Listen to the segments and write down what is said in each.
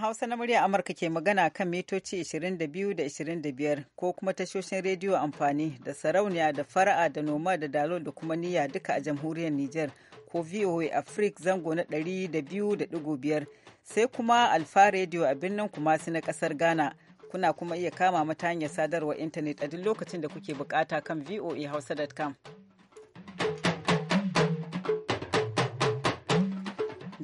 Hausa na murya Amurka ke magana kan mitoci 22 da 25 ko kuma tashoshin rediyo amfani da sarauniya da fara'a da noma da dalo da kuma niyya duka a jamhuriyar Nijar ko VOA Africa zango na 200.5 sai kuma Alfa Radio a birnin Kumasi na kasar Ghana. Kuna kuma iya kama mata hanyar sadarwar intanet a duk lokacin da kuke bukata kan voahausa.com.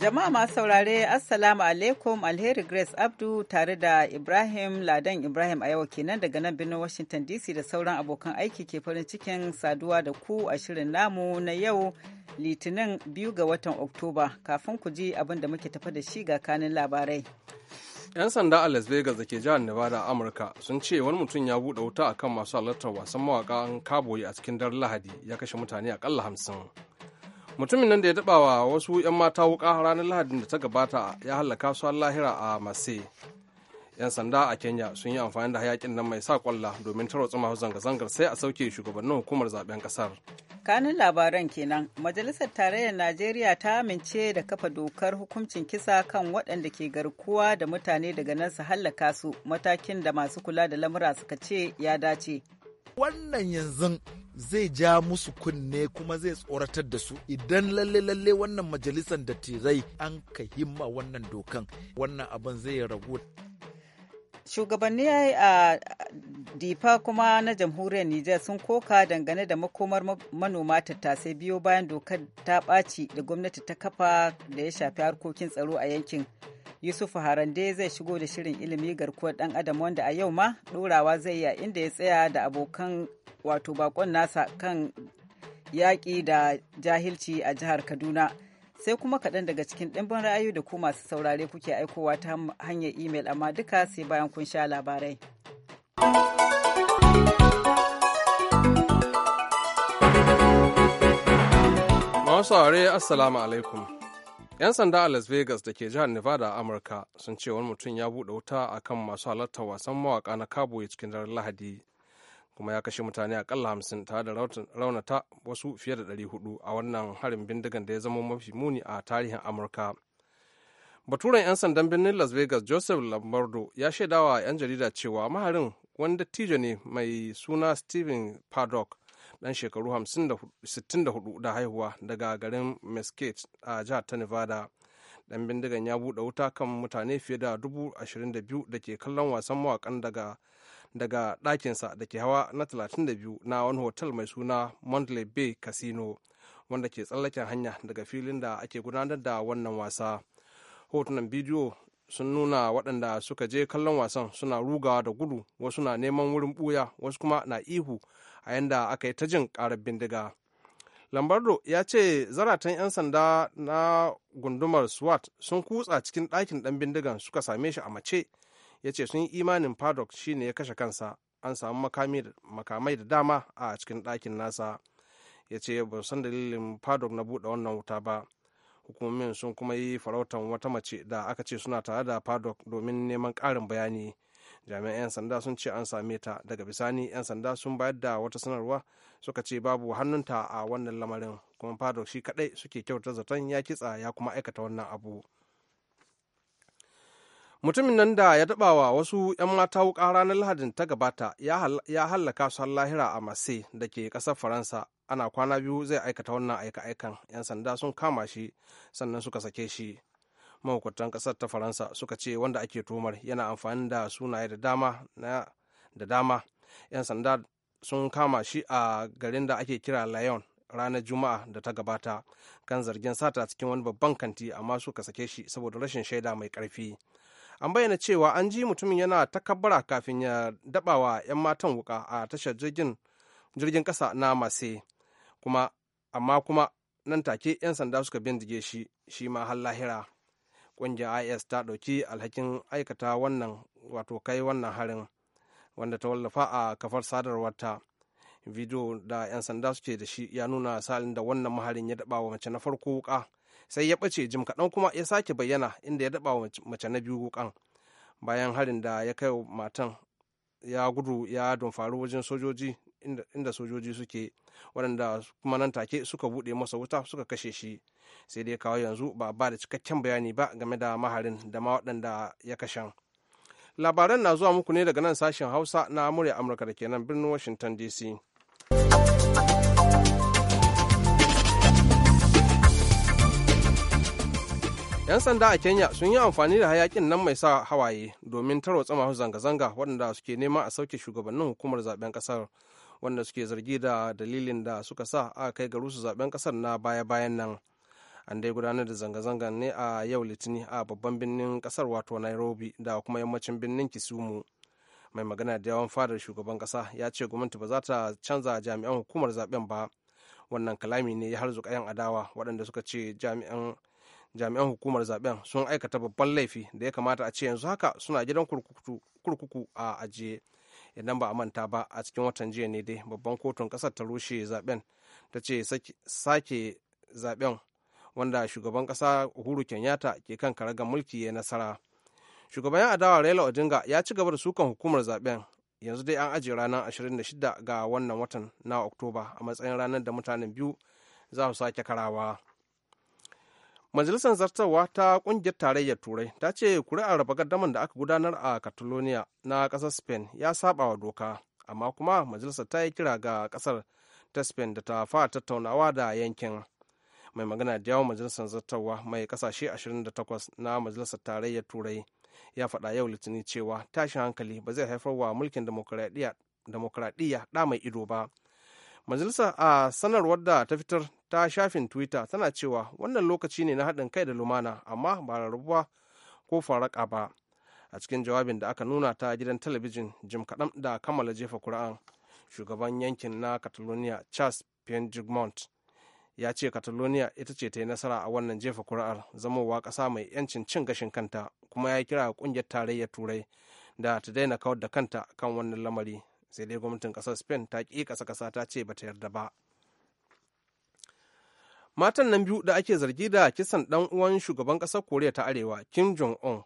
Jama'a masu saurare Assalamu alaikum Alheri Grace Abdu tare da Ibrahim Ladan Ibrahim a yau kenan daga nan birnin Washington DC da sauran abokan aiki ke farin cikin saduwa da ku a shirin namu na yau Litinin biyu ga watan Oktoba kafin ku ji abin da muke tafa da shi ga kanin labarai. 'Yan sanda a Las Vegas da ke jihar Nevada Amurka sun ce wani mutum ya buɗe wuta akan masu halartar wasan mawaƙan kaboyi a cikin daren Lahadi ya kashe mutane akalla hamsin. mutumin nan da ya taba wa wasu 'yan mata wuka ranar lahadin da ta gabata ya hallaka su lahira a mase 'yan sanda a kenya sun yi amfani da hayakin nan mai sa kwalla domin tarwatsa masu zanga-zangar sai a sauke shugabannin hukumar zaben kasar kanun labaran kenan majalisar tarayyar najeriya ta amince da kafa dokar hukuncin kisa kan waɗanda ke garkuwa da mutane daga nan su hallaka su matakin da masu kula da lamura suka ce ya dace wannan yanzu zai ja musu kunne kuma zai tsoratar da su idan lalle lalle wannan majalisar da tirai an ka himma wannan dokan wannan abin zai ragu shugabanni a difa kuma na jamhuriyar nijar sun koka dangane da makomar manoma tattasai biyo bayan dokar ta ɓaci da gwamnati ta kafa da ya shafi harkokin tsaro a yankin yusuf harande zai shigo da shirin ilimi garkuwar dan adam wanda a yau ma ɗorawa zai yi inda ya tsaya da abokan wato bakon nasa kan yaƙi da jahilci a jihar kaduna sai kuma kaɗan daga cikin ɗimbin ra'ayi da ku masu saurare kuke aikowa ta hanyar imel amma duka sai bayan kun sha labarai. Masu saurare Assalamu alaikum. 'Yan sanda a Las Vegas da ke jihar Nevada a Amurka sun ce wani mutum ya buɗe wuta a kan masu halartar wasan mawaka na Cowboy cikin daren Lahadi kuma ya kashe mutane akalla hamsin tare da raunata wasu fiye da hudu a wannan harin bindigan da ya zama mafi muni a tarihin amurka baturen 'yan sandan birnin las vegas joseph lombardo ya shaidawa 'yan jarida cewa maharin wani dattijo ne mai suna stephen paddock dan shekaru 64 da haihuwa daga garin mesquite a jihar ta nevada dan bindigan ya buɗe wuta kan mutane fiye da 22 da ke kallon wasan mawakan daga daga ɗakinsa da ke hawa na 32 na wani hotel mai suna Mandalay Bay Casino wanda ke tsallaken hanya daga filin da ake gudanar da wannan wasa. Hotunan bidiyo sun nuna waɗanda suka je kallon wasan suna rugawa da gudu wasu na neman wurin ɓuya wasu kuma na ihu a yanda aka yi ta jin ƙarar bindiga. lambardo ya ce zaratan 'yan sanda na gundumar swat sun kutsa cikin ɗakin ɗan bindigan suka same shi a mace ya ce sun yi imanin paddock ne ya kashe kansa an samu makamai da dama a cikin ɗakin nasa ya ce ba san dalilin paddock na buɗe wannan wuta ba hukumomin sun kuma yi farautan wata mace da aka ce suna tare da paddock domin neman ƙarin bayani jami'an 'yan sanda sun ce an same ta daga bisani 'yan sanda sun bayar da wata sanarwa suka ce babu hannunta a wannan lamarin kuma paddock shi kaɗai suke kyautar zaton ya kitsa ya kuma aikata wannan abu mutumin nan da ya taba wa wasu 'yan mata wuka ranar lahadin ta gabata ya hallaka su har lahira a masse da ke kasar faransa ana kwana biyu zai aikata wannan aika-aikan 'yan sanda sun kama shi sannan suka sake shi mahukuntan ƙasar ta faransa suka ce wanda ake tumar yana amfani da sunaye da dama da dama 'yan sanda sun kama shi a garin da ake kira lyon ranar juma'a da ta gabata kan zargin sata cikin wani babban kanti amma suka sake shi saboda rashin shaida mai karfi an bayyana cewa an ji mutumin yana takabbara kafin ya dabawa 'yan matan wuka a tashar jirgin jirgin kasa na mase kuma amma kuma nan take 'yan sanda suka bindige shi shi ma har lahira ƙungiyar is ta ɗauki alhakin aikata wannan wato kai wannan harin wanda ta wallafa a kafar sadarwarta bidiyo da 'yan sanda suke da shi ya nuna salin da wannan maharin ya daba wa mace na farko wuka sai ya ɓace jim kaɗan kuma ya sake bayyana inda ya daɓa mace na biyu wukan bayan harin da ya kai matan ya gudu ya faru wajen sojoji inda sojoji suke waɗanda kuma nan take suka buɗe masa wuta suka kashe shi sai dai kawo yanzu ba ba da cikakken bayani ba game da maharin da ma waɗanda ya kashe. labaran na zuwa muku ne daga nan sashen hausa na murya amurka da ke nan birnin washington dc 'Yan sanda a Kenya sun yi amfani da hayakin nan mai sa hawaye domin tarwatsa masu zanga-zanga waɗanda suke nema a sauke shugabannin hukumar zaben ƙasar wanda suke zargi da dalilin da suka sa a kai garu su zaben ƙasar na baya-bayan nan. An dai gudanar da zanga-zangar ne a yau litini a babban birnin ƙasar wato Nairobi da kuma yammacin birnin Kisumu. Mai magana da yawan fadar shugaban ƙasa ya ce gwamnati ba za ta canza jami'an hukumar zaben ba. Wannan kalami ne ya harzuka 'yan adawa waɗanda suka ce jami'an jami'an hukumar zaben sun aikata babban laifi da ya kamata a ce yanzu haka suna gidan kurkuku a ajiye idan ba a manta ba a cikin watan jiya ne dai babban kotun kasar ta rushe zaben ta ce sake zaben wanda shugaban kasa uhuru kenyatta ke kan karagar mulki ya nasara shugaban ya adawa raila odinga ya ci gaba da sukan hukumar zaben yanzu dai an ajiye ranar 26 ga wannan watan na oktoba a matsayin ranar da mutanen biyu za su sake karawa majalisar zartarwa ta kungiyar tarayyar turai ta ce kuri'ar raba gardamar da aka gudanar a catalonia na kasar spain ya saba wa doka amma kuma majalisar ta yi kira ga kasar ta spain da ta fara tattaunawa da yankin mai magana da yawon majalisar zartarwa mai kasashe 28 na majalisar tarayyar turai ya faɗa yau litinin cewa tashin hankali ba zai haifar wa mulkin demokuraɗiyya ɗa mai ido ba majalisar a sanarwar da ta fitar ta shafin twitter tana cewa wannan lokaci ne na haɗin kai da lumana amma ba rarrabuwa ko faraka ba a cikin jawabin da aka nuna ta gidan talabijin jim kaɗan da kammala jefa kura'an shugaban yankin na catalonia charles pendigmont ya ce catalonia ita ce ta yi nasara a wannan jefa kura'ar zamowa ƙasa mai yancin cin gashin kanta kuma ya kira ƙungiyar tarayyar turai da ta daina kawar da kanta kan wannan lamari sai dai gwamnatin ƙasar spain ta ƙi ƙasa ƙasa ta ce ba ta yarda ba matan nan biyu da ake zargi da kisan dan uwan shugaban ƙasar koriya ta arewa kim jong un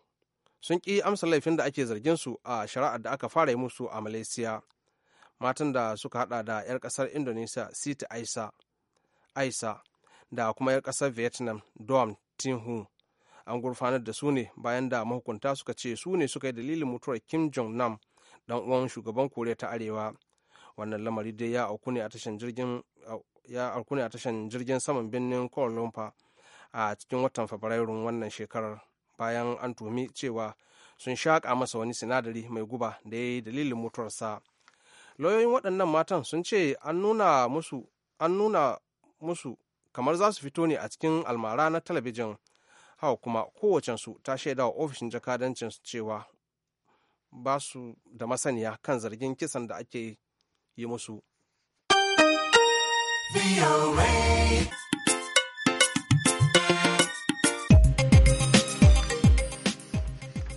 sun ƙi amsa laifin da ake zargin su a shari'ar da aka fara yi musu a malaysia matan da suka hada da 'yar ƙasar indonesia siti aisa aisa da kuma 'yar ƙasar vietnam dom hu an gurfanar da su ne bayan da mahukunta suka ce su ne suka yi dalilin mutuwar kim jong nam dan uwan shugaban koriya ta arewa wannan lamari dai ya auku ne a tashar jirgin ya arku ne a tashan jirgin saman birnin Kuala Lumpur a cikin watan Fabrairun wannan shekarar bayan an tumi cewa sun shaƙa masa wani sinadari mai guba da ya yi dalilin mutuwarsa. Lauyoyin waɗannan matan sun ce an nuna musu kamar za su fito ne a cikin almara na talabijin hawa kuma kowacensu ta shaida wa ofishin jakadancin cewa ba su da masaniya kan zargin kisan da ake yi musu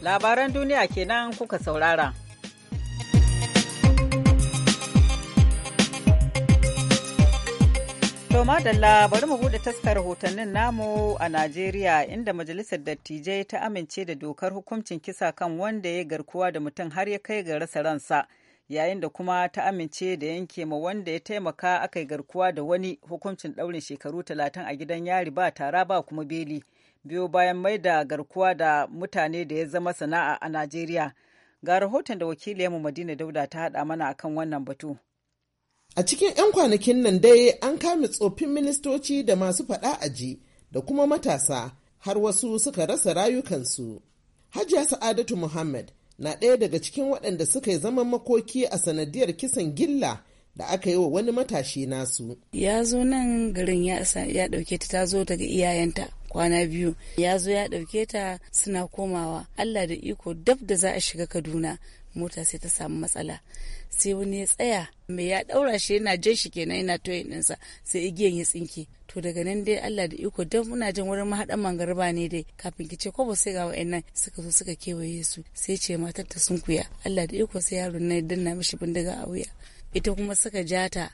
Labaran duniya kenan kuka saurara. To madalla bari mu buɗe taskar rahotannin namu a Najeriya inda Majalisar Dattijai ta amince da dokar hukuncin kisa kan wanda ya garkuwa da mutum har ya kai ga rasa ransa. yayin da kuma ta amince da yanke ma wanda ya taimaka aka yi garkuwa da wani hukuncin ɗaurin shekaru talatin a gidan yari ba tara ba kuma beli biyo bayan mai da garkuwa da mutane da ya zama sana'a a najeriya ga rahoton da wakiliyarmu madina dauda ta haɗa mana akan wannan batu a cikin 'yan kwanakin nan dai an kame tsofin ministoci da masu faɗa aji da kuma matasa har wasu suka rasa rayukansu hajiya sa'adatu muhammad na ɗaya daga cikin waɗanda suka yi zaman makoki a sanadiyar kisan gilla da aka yi wa wani matashi nasu. Ya zo nan garin ya ɗauke ta ta zo daga iyayenta kwana biyu ya zo ya ɗauke ta suna komawa allah da iko dab da za a shiga kaduna mota sai ta samu matsala sai wani ya tsaya mai ya ɗaura shi yana jan shi kenan yana toyin ɗinsa sai igiyan ya tsinke to daga nan dai Allah da iko dab muna jan wurin mahaɗan mangarba ne dai kafin ki ce ko ba sai ga wa'annan suka zo suka kewaye su sai ce matar ta sunkuya Allah da iko sai yaron na danna mishi bindiga a wuya ita kuma suka jata.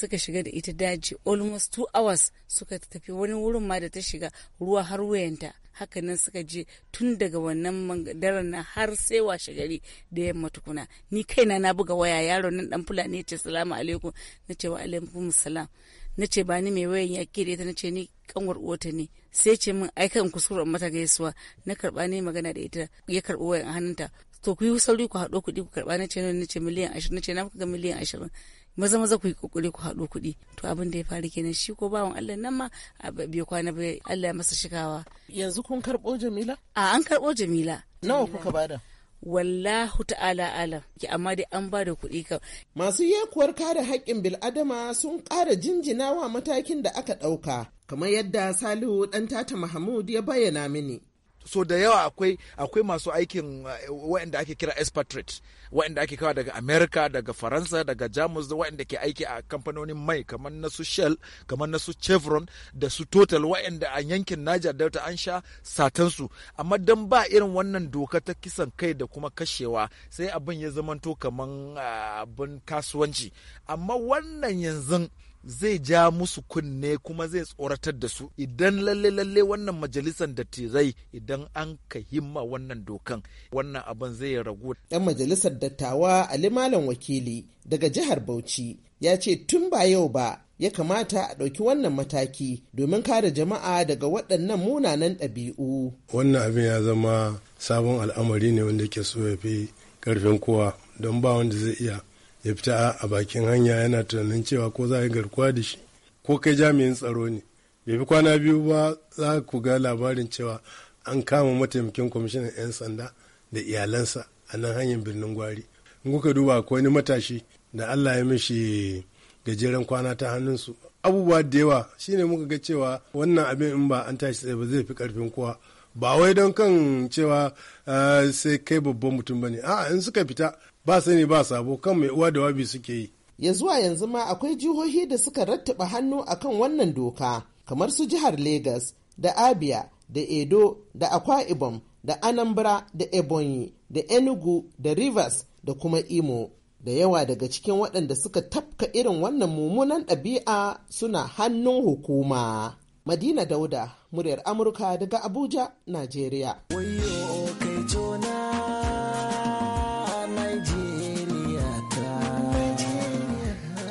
suka shiga da ita daji almost two hours suka tafi wani wurin ma da ta shiga ruwa har wuyanta haka nan suka je tun daga wannan daren na har sai washe gari da yamma tukuna ni kaina na buga waya yaro nan dan fulani ya ce salamu alaikum na ce wa alaikum salam na ce ba ni mai wayan ya kire ta na ce ni kanwar uwata ne sai ce min ai kan kuskuren mata gaisuwa na karba ne magana da ita ya karbi wayan hannunta to ku yi sauri ku haɗo kuɗi ku karba na ce na ce miliyan ashirin na ce na ga miliyan ashirin maza maza ku yi kokari ku haɗo kuɗi to abin da ya faru kenan shi ko bawan Allah nan ma bai kwana bai Allah ya masa shigawa yanzu kun karɓo Jamila a an karɓo Jamila nawa kuka bada wallahu ta'ala ala. ki amma dai an ba da kuɗi ka. Masu yakuwar kare haƙƙin bil'adama sun ƙara jinjinawa matakin da aka ɗauka, kamar yadda Salihu ɗan tata Mahmud ya bayyana mini. so da yawa akwai akwai masu aikin eh, waɗanda ake kira expatriate waɗanda ake kawo daga america daga faransa daga jamus da waɗanda ke aiki a kamfanonin mai kamar na su shell kamar na su chevron da su total waɗanda a yankin niger delta an sha satan su amma don ba irin wannan doka ta kisan kai da kuma kashewa sai abin ya zamanto kamar ah, abin kasuwanci amma wannan yanzu zai ja musu kunne kuma zai tsoratar da su idan lalle lalle wannan majalisar dattirai idan an ka himma wannan dokan wannan abin zai ragu dan majalisar dattawa ali malam wakili daga jihar bauchi ya ce tun ba yau ba ya kamata a ɗauki wannan mataki domin kare jama'a daga waɗannan munanan ɗabi'u wannan abin ya zama sabon al'amari ne wanda ke so ya fi ƙarfin kowa don ba wanda zai iya ya fita a bakin hanya yana tunanin cewa ko za a yi garkuwa da shi ko kai jami'in tsaro ne bai fi kwana biyu ba za ku ga labarin cewa an kama mataimakin kwamishinan 'yan sanda da iyalansa a nan hanyar birnin gwari in kuka duba akwai wani matashi da allah ya mishi gajeren kwana ta hannunsu abubuwa da yawa shine muka ga cewa wannan abin in ba an tashi tsaye ba zai fi karfin kowa ba wai don kan cewa eh, sai kai babban mutum ba ne. a'a in suka fita ba sani ba sabo kan mai uwa da wabi suke yi ya zuwa yanzu ma akwai jihohi da suka rattaba hannu akan wannan doka kamar su jihar Legas da Abia da Edo da Akwa Ibom da Anambra da Ebonyi da Enugu da Rivers da kuma Imo. Da yawa daga cikin waɗanda suka tafka irin wannan mummunan ɗabi'a suna hannun hukuma. Madina Dauda, muryar Amurka daga Abuja, Najeriya.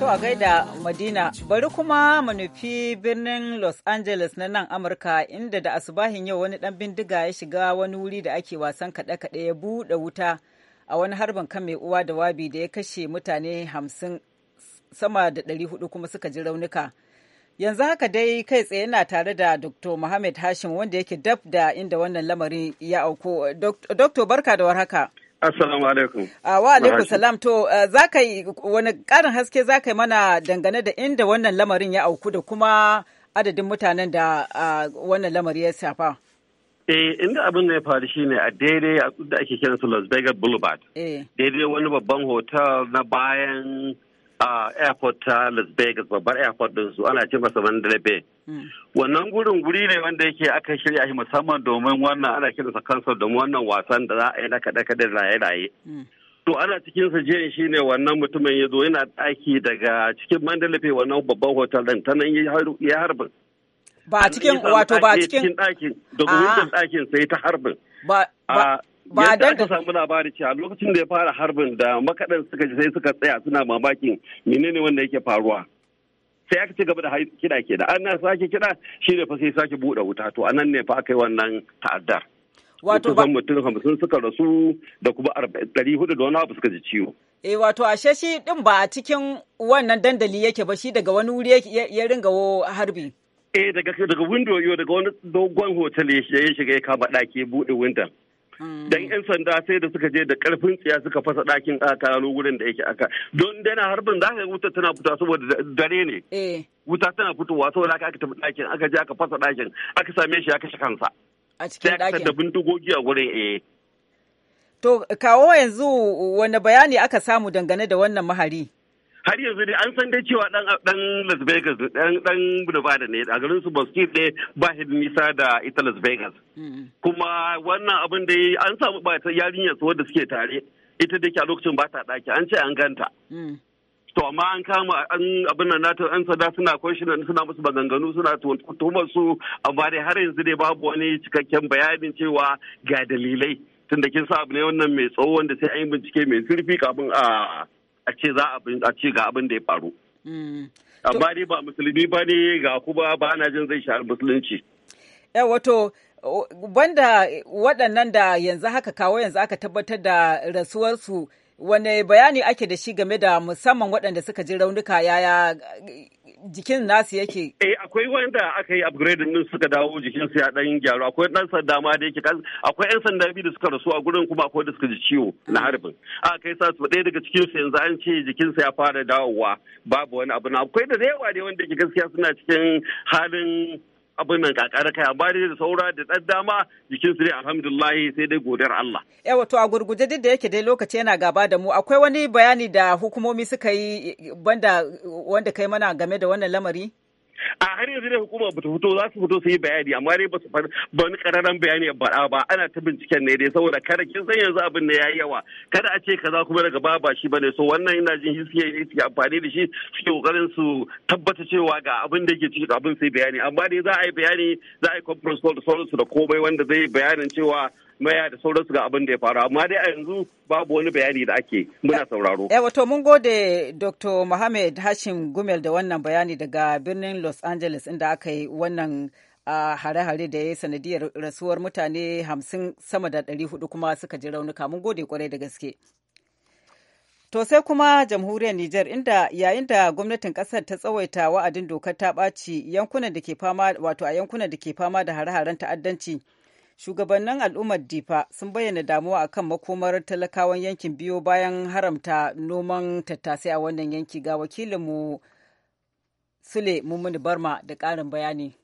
To a gaida Madina, bari kuma mu nufi birnin Los Angeles na nan Amurka inda da asubahin yau wani dan bindiga ya shiga wani wuri da ake wasan kaɗe-kaɗe ya buɗe wuta a wani harbin kan mai uwa da wabi da ya kashe mutane hamsin sama da ɗari hudu kuma suka ji raunuka. Yanzu haka dai kai tsaye yana tare da Dr. Muhammad Hashim wanda yake dab da inda wannan lamarin ya auko. Dr. Barka da warhaka. Assalamu alaikum. Uh, wa alaikum salam to uh, za ka yi wani ƙarin haske za ka yi mana dangane da inda wannan lamarin ya auku da kuma adadin mutanen da ah, wannan lamari ya safa. Eh inda abin da ya faru shine a daidai da ake kiransu Las Vegas Boulevard. Eh. Daidai wani babban hotel na bayan a airport ta las vegas babbar airport din su ana ce masa mandela bay hmm. wannan gurin guri ne wanda yake aka shirya shi musamman domin wannan ana kiransa kansa domin wannan wasan da za a yi na kaɗe-kaɗe raye-raye hmm. to ana cikin sa jiyan shi ne wannan mutumin ya zo yana ɗaki daga cikin mandela bay wannan babban hotel din ta nan ya harbin ba cikin wato ba cikin ɗakin daga ah. wurin ɗakin sai ta harbin ba ah, ba da ka samu labari cewa lokacin da ya fara harbin da makadan suka ji sai suka tsaya suna mamakin menene wanda yake faruwa sai aka ci gaba da kiɗa ke an ana sake kiɗa shi ne fa sai sake buɗe wuta to anan ne fa aka yi wannan ta'addar wato ba mutum hamsin suka rasu da kuma ɗari hudu da wani abu suka ji ciwo eh wato ashe shi din ba a cikin wannan dandali yake ba shi daga wani wuri ya ringa harbi eh daga daga window daga wani dogon hotel ya shiga ya kama daki buɗe window dan mm. yan sanda sai da suka je da karfin tsiya suka fasa ɗakin kalo gurin da yake aka don dana harbin za ka wuta tana fita saboda dare ne eh. wuta tana fitowa saboda aka tafi ɗakin aka je aka fasa ɗakin aka same shi ya kashe kansa a cikin ɗakin sai da bindigogi a gurin eh to kawo yanzu wani bayani aka samu dangane da wannan mahari har yanzu dai an san dai cewa dan dan Las Vegas dan dan Nevada ne a garin su Boston ne ba shi nisa da ita Las Vegas mm-hmm. kuma wannan abin da an samu ba ta yarinyar su wanda suke tare ita da a lokacin ba ta daki an ce an ganta mm. to amma an kama an abin nan nata an sada suna kwashinan suna musu maganganu suna tuhumar su amma dai har yanzu dai babu wani cikakken bayanin cewa ga dalilai tunda kin sa abu ne wannan mai tsawo wanda sai an yi bincike mai zurfi kafin a a ce za a ce ga abin da ya faru mm. amma dai ba musulmi ba ne ga ku ba na jin zai shahar musulunci eh, wato banda waɗannan da yanzu haka kawo yanzu aka tabbatar da rasuwarsu wane bayani ake da shi game da musamman waɗanda suka ji raunuka yaya jikin nasu yake. Eh akwai wanda aka yi upgrade din suka dawo jikin su ya dan gyaru akwai dan dama da yake akwai yan sanda biyu da suka rasu a gurin kuma akwai da suka ji ciwo na harbin. A kai sa su ɗaya daga cikin su yanzu an ce jikin sa ya fara dawowa babu wani abu na akwai da yawa ne wanda ke gaskiya suna cikin halin abin nan kakar kai amma da saura da ɗan dama jikin su dai alhamdulillah sai dai godiyar Allah. Eh wato a gurguje duk da yake dai lokaci yana gaba da mu akwai wani bayani da hukumomi suka yi banda wanda kai mana game da wannan lamari? a har yanzu ne hukuma ta fito za su fito su yi bayani amma dai ba su ba ni kararan bayani ba ba ana ta binciken ne dai saboda kada kin san yanzu abin ne yayi yawa kada a ce kaza kuma daga ba ba shi bane so wannan ina jin shi suke suke amfani da shi suke kokarin su tabbata cewa ga abin da yake ciki abin sai bayani amma dai za a yi bayani za a yi conference call da sauransu da komai wanda zai bayanin cewa maya da sauransu ga abin da ya faru amma dai a yanzu babu wani bayani da ake muna sauraro. Yawa eh, to mun gode Dr. Mohammed Hashim Gumel da wannan bayani daga birnin Los Angeles inda aka yi wannan a hare-hare da ya yi sanadiyar rasuwar mutane hamsin sama da ɗari hudu kuma suka ji raunuka mun gode kwarai da gaske. To sai kuma jamhuriyar Nijar inda yayin da gwamnatin kasar ta tsawaita wa'adin dokar ta ɓaci yankunan da ke fama wato a yankunan da ke fama da hare-haren ta'addanci shugabannin al'ummar difa sun bayyana damuwa akan makomar talakawan yankin biyu bayan haramta noman tattasai a wannan yanki ga wakilinmu sule mummuni barma da ƙarin bayani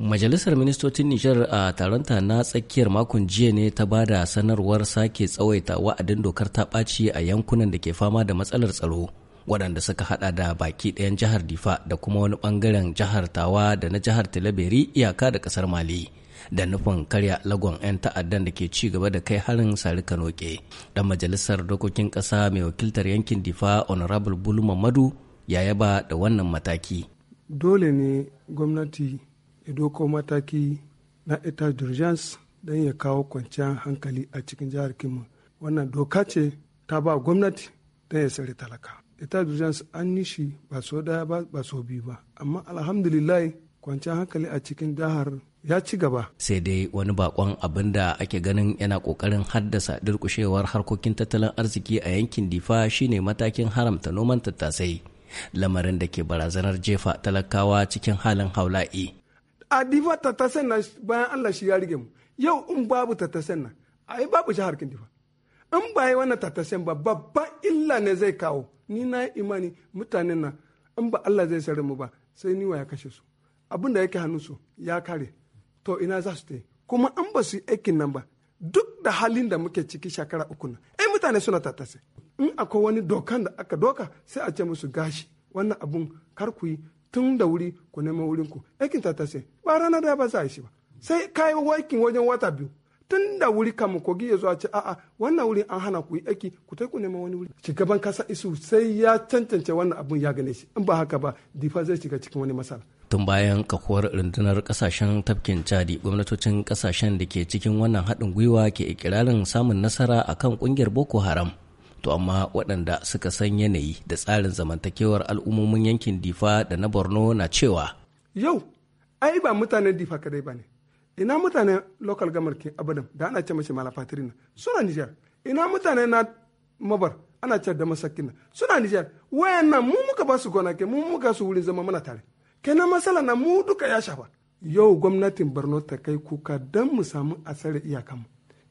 Majalisar Ministocin Nijar a taronta na tsakiyar makon jiya ne ta ba da sanarwar sake tsawaita wa'adin dokar ta ɓaci a yankunan da ke fama da matsalar tsaro waɗanda suka hada da baki ɗayan jihar Difa da kuma wani ɓangaren jihar Tawa da na jihar Talaberi iyaka da ƙasar Mali. da nufin karya lagon 'yan ta'addan da ke ci gaba da kai harin sari kanoke dan majalisar dokokin kasa mai wakiltar yankin difa honorable bulu mamadu ya yaba da wannan mataki dole ne gwamnati ya doko mataki na etat d'urgence don ya kawo kwanciyar hankali a cikin jihar kimu wannan doka ce ta ba gwamnati don ya tsare talaka etat d'urgence an yi shi ba so daya ba ba so biyu ba amma alhamdulillah kwanciyar hankali a cikin jihar ya ci gaba. Sai dai wani bakon abin da ake ganin yana kokarin haddasa durkushewar harkokin tattalin arziki a yankin Difa shine matakin haramta noman tattasai. Lamarin da ke barazanar jefa talakawa cikin halin haula'i. A Difa tattasai na bayan Allah shi ya rige mu. Yau in babu na na ai babu shi harkin Difa. In ba wannan tattasan ba babban illa ne zai kawo. Ni na imani mutanen na in ba Allah zai sare mu ba sai niwa ya kashe su. Abin da yake hannu su ya kare. to ina za su ta kuma an ba su yi aikin nan ba duk da halin da muke ciki shekara uku nan ai mutane suna tatase in akwai wani dokan da aka doka sai a ce musu gashi wannan abun kar ku yi tun da wuri ku neman wurin ku aikin tatase ba rana da ba za a yi shi ba sai kai aikin wajen wata biyu tun da wuri kamu kogi ya zuwa ce a'a wannan wurin an hana ku yi aiki ku tai ku neman wani wuri shugaban kasa isu sai ya cancance wannan abun ya gane shi in ba haka ba difa zai shiga cikin wani masala tun bayan kakuwar rundunar kasashen tafkin chadi gwamnatocin kasashen da ke cikin wannan haɗin gwiwa ke ikirarin samun nasara a kan ƙungiyar boko haram to amma waɗanda suka san yanayi da tsarin zamantakewar al'ummomin yankin difa da na borno na cewa yau ai ba mutanen difa kadai ba ne ina mutanen local government abadan da ana ce mace na suna nijar ina mutanen na mabar ana ce da masakin suna nijar wayannan mu muka ba su ke mu muka su wurin zama mana tare kenan matsala na mu duka ya shafa yau gwamnatin borno ta kai kuka don mu samu a tsare iyakanmu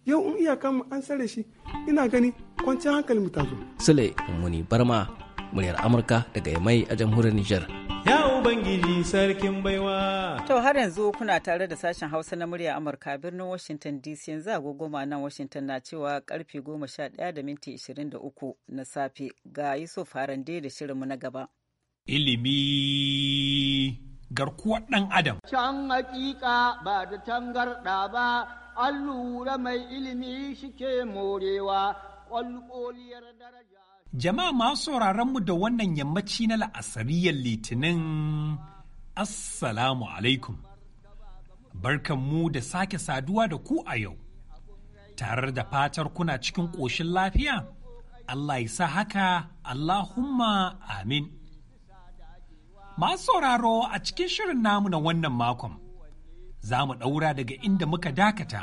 yau in iyakanmu an tsare shi ina gani kwanciyar hankali mu ta sule muni barma muryar amurka daga yamai a jamhuriyar niger ya ubangiji sarkin baiwa to har yanzu kuna tare da sashen hausa na murya amurka birnin washington dc yanzu agogoma nan washington na cewa karfe goma sha daya da minti uku na safe ga yusuf harande da shirinmu na gaba ilimi garkuwar ɗan adam. Can hakika ba da tangarɗa ba, an lura mai ilimi shike morewa, ƙwalƙoliyar daraja. Jama'a masu mu da wannan yammaci na la'asariyar litinin, Assalamu alaikum. Barkan mu da sake saduwa da ku a yau, tare da fatar kuna cikin ƙoshin lafiya, Allah ya sa haka, Allahumma amin. Masu sauraro a cikin shirin namu na wannan makon, za mu ɗaura daga inda muka dakata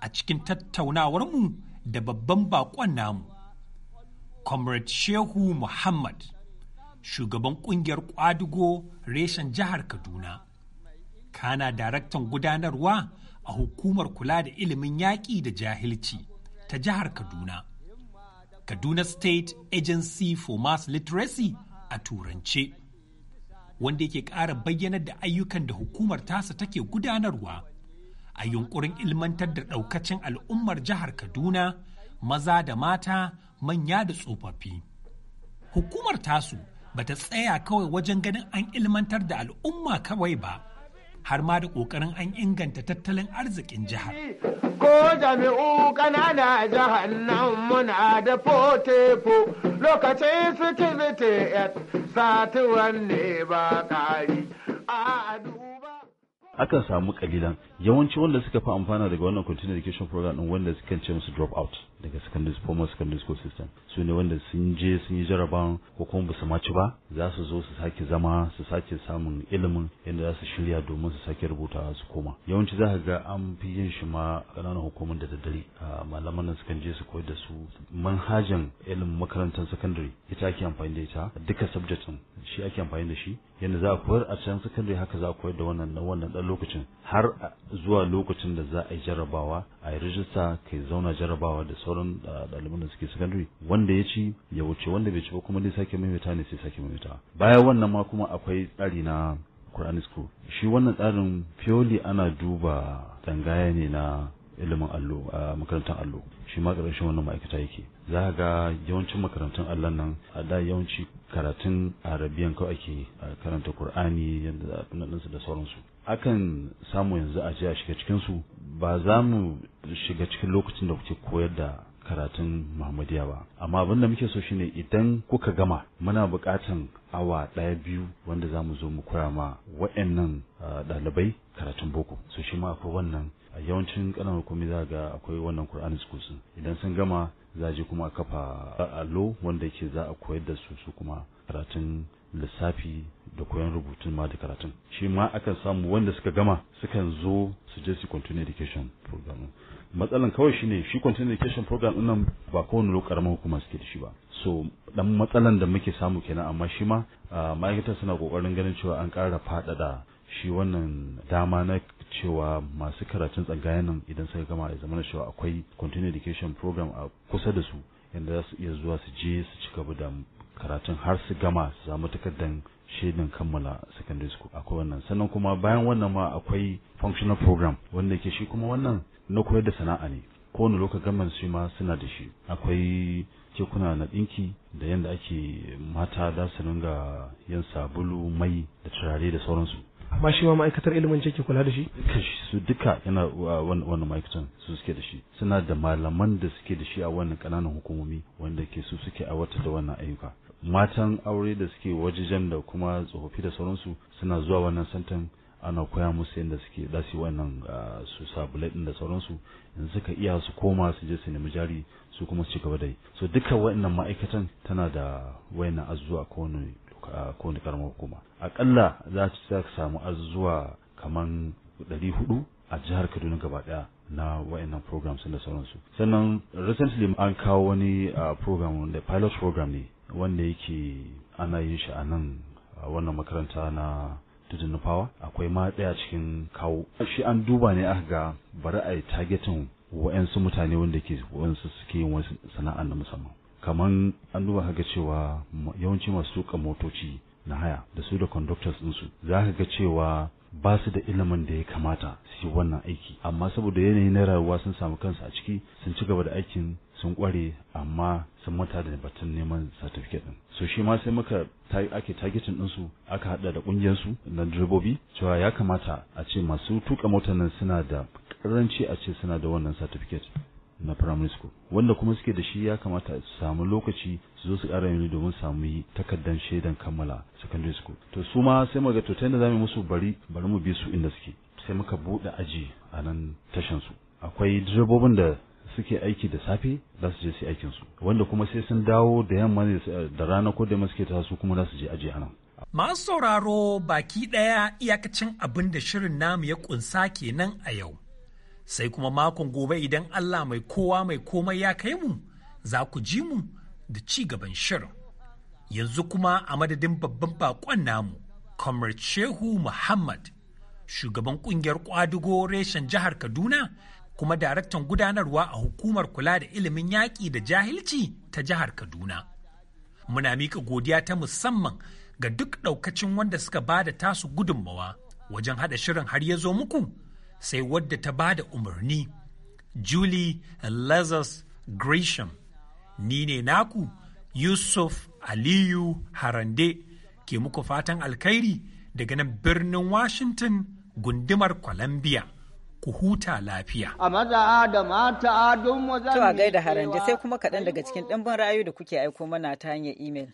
a cikin tattaunawarmu da babban baƙon namu. Comrade Shehu Muhammad, shugaban ƙungiyar ƙwadugo reshen jihar Kaduna, kana daraktan gudanarwa a hukumar kula da ilimin yaƙi da jahilci ta jihar Kaduna. Kaduna State Agency for Mass Literacy a Turance. wanda yake ƙara bayyanar da ayyukan da hukumar tasa take gudanarwa a yunkurin ilmantar da ɗaukacin al'ummar jihar Kaduna maza da mata manya da tsofaffi. Hukumar tasu bata tsaya kawai wajen ganin an ilmantar da al'umma kawai ba har ma da kokarin an inganta tattalin arzikin jihar. Ko jami'u ƙanana jihar nan muna da fotefo lokacin sikiriti sati wanne ba ƙari. Akan samu kalilan yawanci wanda suka fi amfana daga wannan continuing education program ɗin wanda suka ce musu drop out. daga secondary former secondary school system su ne wanda sun je sun yi jaraban ko kuma ba su maci ba za su zo su sake zama su sake samun ilimin yadda za su shirya domin su sake rubuta su koma yawanci za ka ga an fi yin shi ma ƙananan hukumar da daddare malaman nan sukan je su koyar da su manhajan ilimin makarantar secondary ita ake amfani da ita duka subject din shi ake amfani da shi yadda za a koyar a can secondary haka za a koyar da wannan na wannan dan lokacin har zuwa lokacin da za a yi jarabawa a yi rijista kai zauna jarabawa da sauran sauran ah, ɗaliban da suke secondary wanda ya ci ya wuce wanda bai ci ba kuma dai sake maimaita ne sai sake maimaita bayan wannan ma kuma akwai tsari na kur'an school shi wannan tsarin purely ana duba tsangaya ne na ilimin allo a ah, makarantar allo shi ma ƙarshen wannan ma'aikata yake za ga yawancin makarantun allon nan a da yawanci karatun arabiyan kawai ake ah, karanta kur'ani yadda ɗinsu da sauransu akan samu yanzu a a shiga cikinsu ba za mu shiga cikin lokacin da kuke koyar da karatun Muhammadiyya ba amma abin da muke so shine idan kuka gama muna bukatan awa ɗaya biyu wanda za mu zo mu koya ma wa'annan ɗalibai karatun boko so shi ma akwai wannan a yawancin ƙananan hukumi za ga akwai wannan Qur'an schools idan sun gama za a je kuma a kafa allo wanda yake za a koyar da su su kuma karatun lissafi da koyon rubutun ma da karatun shi ma akan samu wanda suka gama sukan zo su je su continue education program matsalan kawai shine shi continue education program din nan ba kowane lokacin karamar hukuma suke da shi ba so dan matsalan da muke samu kenan amma shi ma ma'aikata suna kokarin ganin cewa an ƙara faɗaɗa shi wannan dama na cewa masu karatun tsangaya nan idan suka gama ya zama cewa akwai continue education program a kusa da su yanda za su iya zuwa su je su ci gaba da karatun har su gama su samu takardar shaidan kammala secondary school akwai wannan sannan kuma bayan wannan ma akwai functional program wanda yake shi kuma wannan na koyar da sana'a ne kowane lokacin gaman su ma suna da shi akwai kekuna na dinki da yadda ake mata da su ringa yin sabulu mai da turare da sauransu amma shi ma ma'aikatar ilimin ce ke kula da shi su duka yana wannan ma'aikatan su suke da shi suna da malaman da suke da shi a wannan kananan hukumomi wanda ke su suke aiwatar da wannan ayyuka matan aure da suke wajejen da kuma tsofaffi da sauransu suna zuwa wannan santan ana koya musu yadda suke dasi wannan ah, su sabulai din da sauransu yanzu suka iya su koma su je su nemi jari su kuma su gaba da yi so duka wa'annan ma'aikatan tana da wayannan azuwa ko wani ah, karamar hukuma akalla za su samu azuwa kamar ɗari hudu a jihar kaduna gaba daya na wayannan programs da sauransu sannan recently an kawo wani ah, program wanda pilot program ne wanda yake ana yin shi a nan a wannan makaranta na tudun nufawa akwai ma ɗaya cikin kawo shi an duba ne aka ga bari a yi targetin wa'yansu mutane wanda ke wa'yansu suke yin wasu sana'a na musamman kaman an duba kaga cewa yawanci masu tuka motoci na haya da su da conductors ɗinsu za ka ga cewa ba su da ilimin da ya kamata su yi wannan aiki amma saboda yanayi na rayuwa sun samu kansu a ciki sun ci gaba da aikin sun kware amma sun mata da batun neman certificate din so shi ma sai muka ake targetin ɗinsu aka haɗa da su na direbobi cewa ya kamata a ce masu tuka motar nan suna da ƙaranci a ce suna da wannan certificate na primary school wanda kuma suke da shi ya kamata su samu lokaci su zo su ƙara yini domin samu yi takardar shaidan kammala secondary school to su ma sai muka to ta za mu musu bari bari mu bi su inda suke sai muka buɗe aji a nan tashan su akwai direbobin da suke aiki da safe za su je su aikin su wanda kuma sai sun dawo da yamma ne da rana ko da suke ta su kuma za su je aji anan masu sauraro baki ɗaya iyakacin abin da shirin namu ya kunsa kenan a yau sai kuma makon gobe idan Allah mai kowa mai komai ya kai mu za ku ji mu da ci gaban shirin yanzu kuma a madadin babban bakon namu kamar Shehu Muhammad shugaban kungiyar kwadugo reshen jihar Kaduna kuma daraktan gudanarwa a hukumar kula da ilimin yaƙi da jahilci ta jihar Kaduna. Muna miƙa godiya ta musamman ga duk ɗaukacin wanda suka ba da tasu gudunmawa wajen haɗa shirin har ya zo muku sai wadda ta ba da umarni. Julie Lazarus Gresham, ni ne naku Yusuf Aliyu Harande ke muku fatan alkhairi daga nan birnin Washington gundumar Columbia. ku huta lafiya. A maza da mata don mu To a gaida harande sai kuma kaɗan daga cikin ɗimbin rayu da kuke aiko mana ta hanyar imel.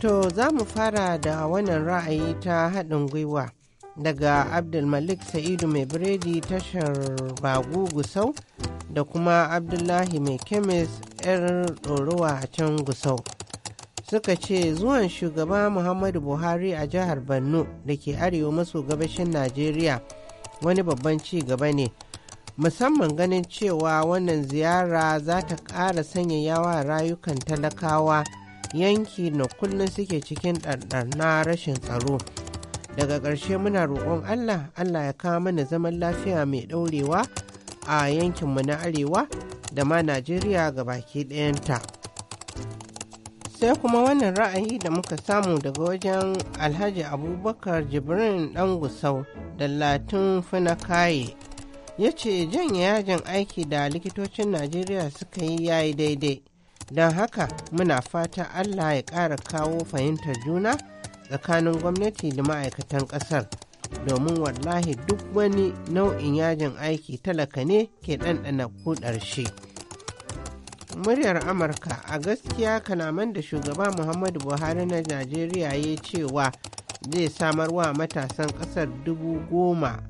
To za mu fara da wannan ra'ayi ta haɗin gwiwa daga Abdulmalik Sa'idu mai biredi tashar Bagu Gusau da kuma Abdullahi mai kemis 'yar ɗorowa a can Gusau. suka ce zuwan shugaba muhammadu buhari a jihar borno da ke arewa maso gabashin najeriya wani babban ci gaba ne musamman ganin cewa wannan ziyara za ta ƙara sanyayawa rayukan talakawa yanki na kullum suke cikin ɗanɗan rashin tsaro daga ƙarshe muna roƙon allah allah ya kawo mana zaman lafiya mai ɗaurewa a yankinmu na arewa da ma najeriya ga baki ɗayanta. sai kuma wannan ra'ayi da muka samu daga wajen alhaji abubakar jibrin dan gusau da latin funakaye ya ce janye yajin aiki da likitocin najeriya suka yi yayi daidai don haka muna fata allah ya ƙara kawo fahimtar juna tsakanin gwamnati da ma'aikatan ƙasar domin wallahi duk wani nau'in yajin aiki talaka ne ke ɗanɗana kudar shi. muryar amurka a gaskiya kanaman da shugaba muhammadu buhari na najeriya ya cewa zai samar wa matasan kasar dubu goma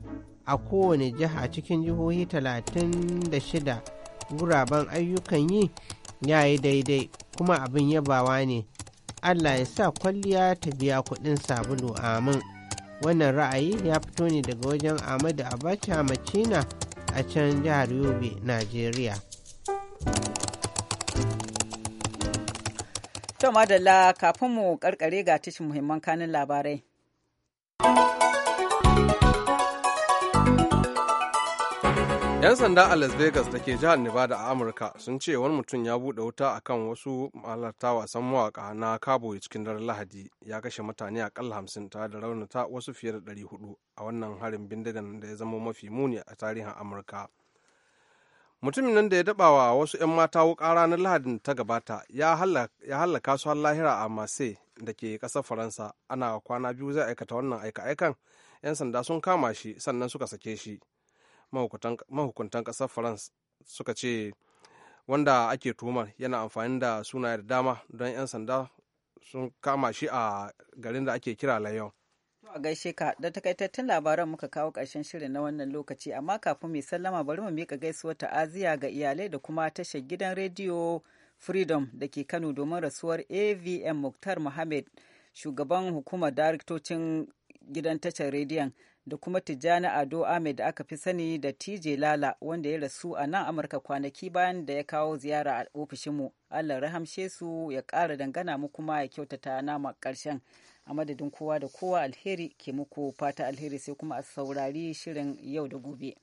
a kowane jiha cikin jihohi 36 guraben ayyukan yi ya yi daidai kuma abin yabawa ne allah ya sa kwalliya ta biya kudin sabulu amin wannan ra'ayi ya fito ne daga wajen ahmadu abacha macina a can jihar yobe najeriya To madalla kafin mu karkare ga tashin muhimman kanin labarai. ‘Yan sanda a Las Vegas da ke jihar Nevada a Amurka sun ce wani mutum ya buɗe wuta akan wasu malarta wasan mawaka na Cowboy cikin daren Lahadi ya kashe mutane akalla hamsin tare da raunata wasu fiye da ɗari hudu a wannan harin bindigan da ya zama mafi muni a tarihin Amurka. mutumin nan da ya daba wa wasu 'yan mata wuka ranar lahadin ta gabata ya hallaka su har lahira a marseille da ke kasar faransa ana kwana biyu zai aikata wannan aika-aikan 'yan sanda sun kama shi sannan suka sake shi mahukuntan kasar faransa suka ce wanda ake tuhumar yana amfani da sunaye da dama don 'yan sanda sun kama shi a garin da ake kira layon A gaishe ka da takaitattun labaran muka kawo ƙarshen shirin na wannan lokaci amma kafin mai sallama bari mu miƙa gaisuwar ta'aziyya ga iyalai da kuma tashar gidan rediyo Freedom da ke Kano domin rasuwar AVM Muktar Mohammed shugaban hukumar daraktocin gidan tashar rediyon da kuma Tijjani Ado Ahmed da aka fi sani da TJ Lala wanda ya rasu a nan Amurka kwanaki bayan da ya kawo ziyara a ofishinmu. Allah rahamshe su ya kara dangana mu kuma ya kyautata nama ƙarshen. a madadin kowa da kowa alheri ke muku fata alheri sai kuma a saurari shirin yau da gobe.